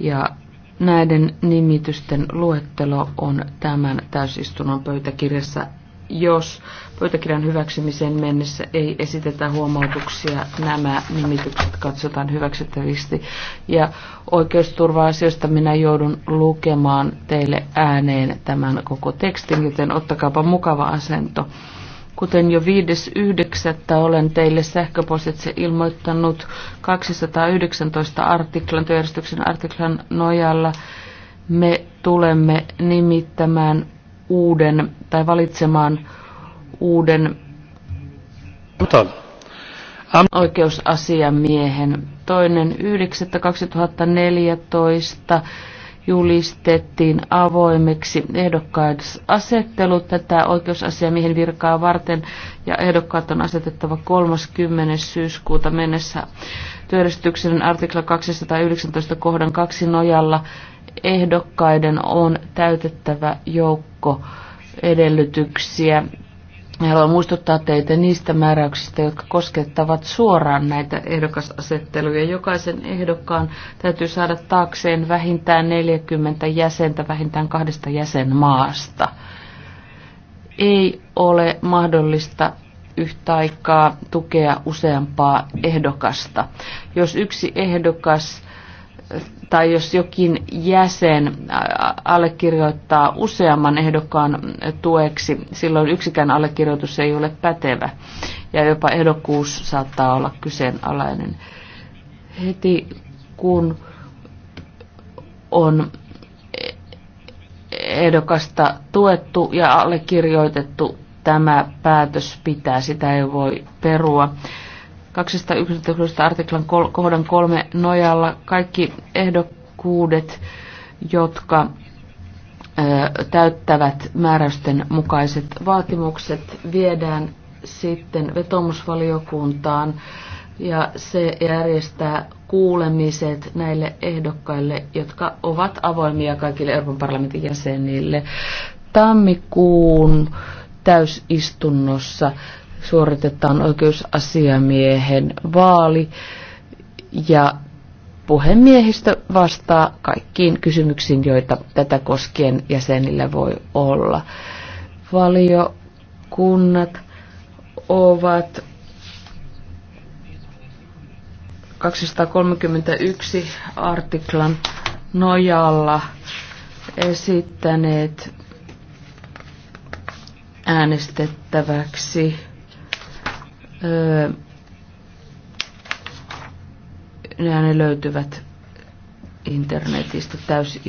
ja näiden nimitysten luettelo on tämän täysistunnon pöytäkirjassa. Jos pöytäkirjan hyväksymiseen mennessä ei esitetä huomautuksia, nämä nimitykset katsotaan hyväksyttävästi. Ja oikeusturva-asioista minä joudun lukemaan teille ääneen tämän koko tekstin, joten ottakaapa mukava asento. Kuten jo 5.9. olen teille sähköpostitse ilmoittanut 219 artiklan, työjärjestyksen artiklan nojalla, me tulemme nimittämään uuden tai valitsemaan uuden oikeusasiamiehen. Toinen 9.2014 julistettiin avoimeksi ehdokkaisasettelu tätä oikeusasiamiehen virkaa varten ja ehdokkaat on asetettava 30. syyskuuta mennessä työjärjestyksen artikla 219 kohdan 2 nojalla ehdokkaiden on täytettävä joukko edellytyksiä Haluan muistuttaa teitä niistä määräyksistä, jotka koskettavat suoraan näitä ehdokasasetteluja. Jokaisen ehdokkaan täytyy saada taakseen vähintään 40 jäsentä vähintään kahdesta jäsenmaasta. Ei ole mahdollista yhtä aikaa tukea useampaa ehdokasta. Jos yksi ehdokas tai jos jokin jäsen allekirjoittaa useamman ehdokkaan tueksi, silloin yksikään allekirjoitus ei ole pätevä ja jopa ehdokkuus saattaa olla kyseenalainen. Heti kun on ehdokasta tuettu ja allekirjoitettu, tämä päätös pitää, sitä ei voi perua. 211 artiklan kol, kohdan kolme nojalla kaikki ehdokkuudet, jotka ö, täyttävät määräysten mukaiset vaatimukset, viedään sitten vetomusvaliokuntaan ja se järjestää kuulemiset näille ehdokkaille, jotka ovat avoimia kaikille Euroopan parlamentin jäsenille. Tammikuun täysistunnossa suoritetaan oikeusasiamiehen vaali ja puhemiehistö vastaa kaikkiin kysymyksiin, joita tätä koskien jäsenillä voi olla. Valiokunnat ovat 231 artiklan nojalla esittäneet äänestettäväksi Öö, ne löytyvät internetistä täysin